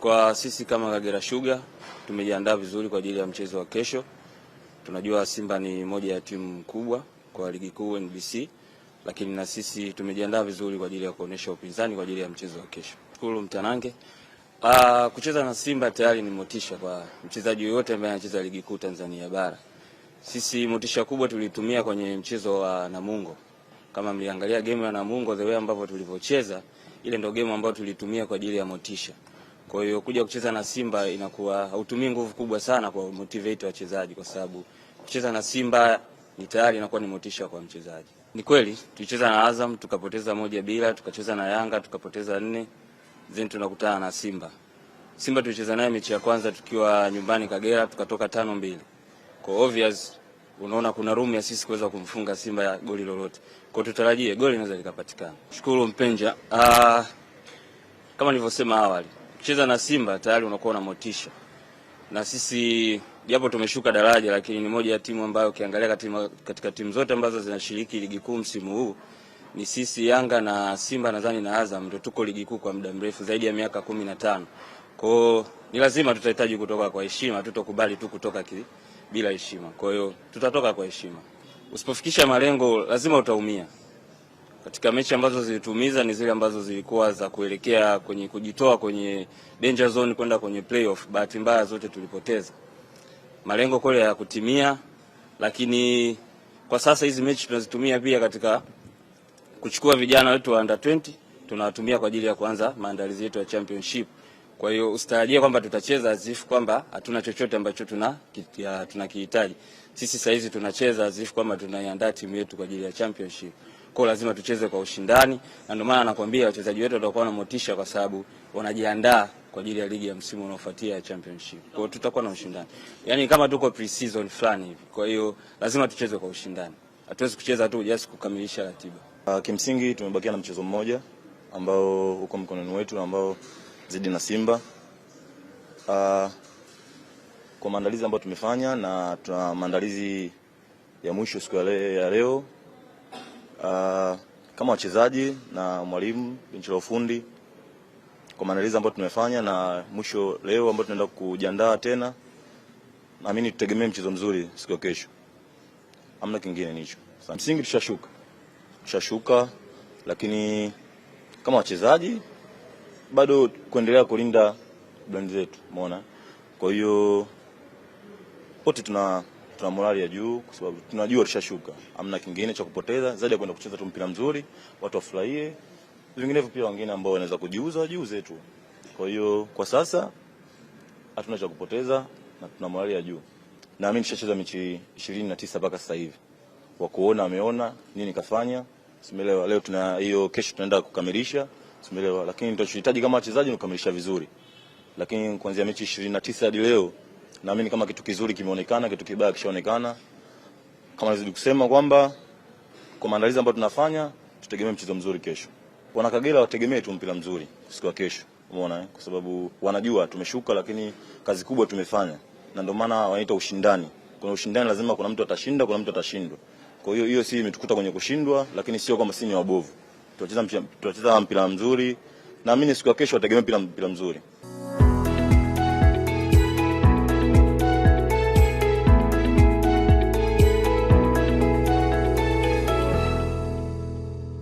Kwa sisi kama Kagera Sugar tumejiandaa vizuri kwa ajili ya mchezo wa kesho. Tunajua Simba ni moja ya timu kubwa kwa ligi kuu NBC, lakini na sisi tumejiandaa vizuri kwa ajili ya kuonesha upinzani kwa ajili ya mchezo wa kesho. Shukuru Mtanange. Ah, kucheza na Simba tayari ni motisha kwa mchezaji yoyote ambaye anacheza ligi kuu Tanzania bara. Sisi motisha kubwa tulitumia kwenye mchezo wa Namungo. Kama mliangalia game ya Namungo, the way ambavyo tulivyocheza, ile ndio game ambayo tulitumia kwa ajili ya motisha. Kwa hiyo kuja kucheza na Simba inakuwa hautumii nguvu kubwa sana kwa motivate wachezaji, kwa sababu kucheza na Simba ni tayari inakuwa ni motisha kwa mchezaji. Ni kweli tulicheza na Azam tukapoteza moja bila, tukacheza na Yanga tukapoteza nne, then tunakutana na Simba. Simba tulicheza naye mechi ya kwanza tukiwa nyumbani Kagera, tukatoka tano mbili. Kwa obvious unaona kuna room ya sisi kuweza kumfunga Simba ya goli lolote. Kwa tutarajie goli linaweza likapatikana. Shukuru Mpenja. Ah, kama nilivyosema awali Kucheza na Simba tayari unakuwa na motisha, na sisi japo tumeshuka daraja, lakini ni moja ya timu ambayo ukiangalia katika, katika timu zote ambazo zinashiriki ligi kuu msimu huu ni sisi Yanga na Simba nadhani na Azam ndio tuko ligi kuu kwa muda mrefu zaidi ya miaka kumi na tano. Kwao ni lazima tutahitaji kutoka kwa heshima, tutokubali tu kutoka ki, bila heshima. Kwa hiyo tutatoka kwa heshima. Usipofikisha malengo lazima utaumia. Katika mechi ambazo zilitumiza ni zile ambazo zilikuwa za kuelekea kwenye kujitoa kwenye danger zone kwenda kwenye playoff. Bahati mbaya zote tulipoteza, malengo kweli hayakutimia, lakini kwa sasa hizi mechi tunazitumia pia katika kuchukua vijana wetu wa under 20 tunawatumia kwa ajili ya kuanza maandalizi yetu ya championship. Kwa hiyo usitarajie kwamba tutacheza azifu kwamba hatuna chochote ambacho tuna tunakihitaji. Sisi sasa tunacheza azifu kwamba tunaiandaa timu yetu kwa ajili ya championship kwao, lazima tucheze kwa ushindani, na ndio maana nakwambia wachezaji wetu watakuwa na motisha kwa sababu wanajiandaa kwa ajili ya ligi ya msimu unaofuatia ya championship. Kwa hiyo tutakuwa na ushindani, yaani kama tuko pre-season fulani hivi. Kwa hiyo lazima tucheze kwa ushindani, hatuwezi kucheza tu just kukamilisha ratiba. Uh, kimsingi tumebakia na mchezo mmoja ambao uko mkononi wetu ambao zidi na Simba. Uh, kwa maandalizi ambayo tumefanya na tuna maandalizi ya mwisho siku ya leo Uh, kama wachezaji na mwalimu benchi la ufundi kwa maandalizi ambayo tumefanya na mwisho leo ambayo tunaenda kujiandaa tena, naamini tutegemee mchezo mzuri siku ya kesho. Amna kingine nicho. Msingi tushashuka, tushashuka, lakini kama wachezaji bado kuendelea kulinda brand zetu, umeona. Kwa hiyo wote tuna tuna morali ya juu kwa sababu tunajua tushashuka, amna kingine cha kupoteza zaidi ya kwenda kucheza tu mpira mzuri, watu wafurahie. Vinginevyo pia wengine ambao wanaweza kujiuza wajiuze tu. Kwa hiyo kwa sasa hatuna cha kupoteza na tuna morali ya juu. Naamini tushacheza mechi ishirini na tisa mpaka sasa hivi, wa kuona ameona nini kafanya, simelewa. Leo tuna hiyo, kesho tunaenda kukamilisha, simelewa, lakini tunachohitaji kama wachezaji ni kukamilisha vizuri, lakini kuanzia mechi ishirini na tisa hadi leo Naamini kama kitu kizuri kimeonekana, kitu kibaya kishaonekana. Kama nilizidi kusema kwamba kwa maandalizi ambayo tunafanya, tutegemee mchezo mzuri kesho. Wana Kagera wategemee tu mpira mzuri siku ya kesho, umeona eh? Kwa sababu wanajua tumeshuka, lakini kazi kubwa tumefanya, na ndio maana wanaita ushindani. Kuna ushindani, lazima kuna mtu atashinda, kuna mtu atashindwa. Kwa hiyo hiyo si imetukuta kwenye kushindwa, lakini sio kwamba sisi ni wabovu. Tunacheza tunacheza mpira mzuri, naamini siku ya kesho wategemee mpira mzuri.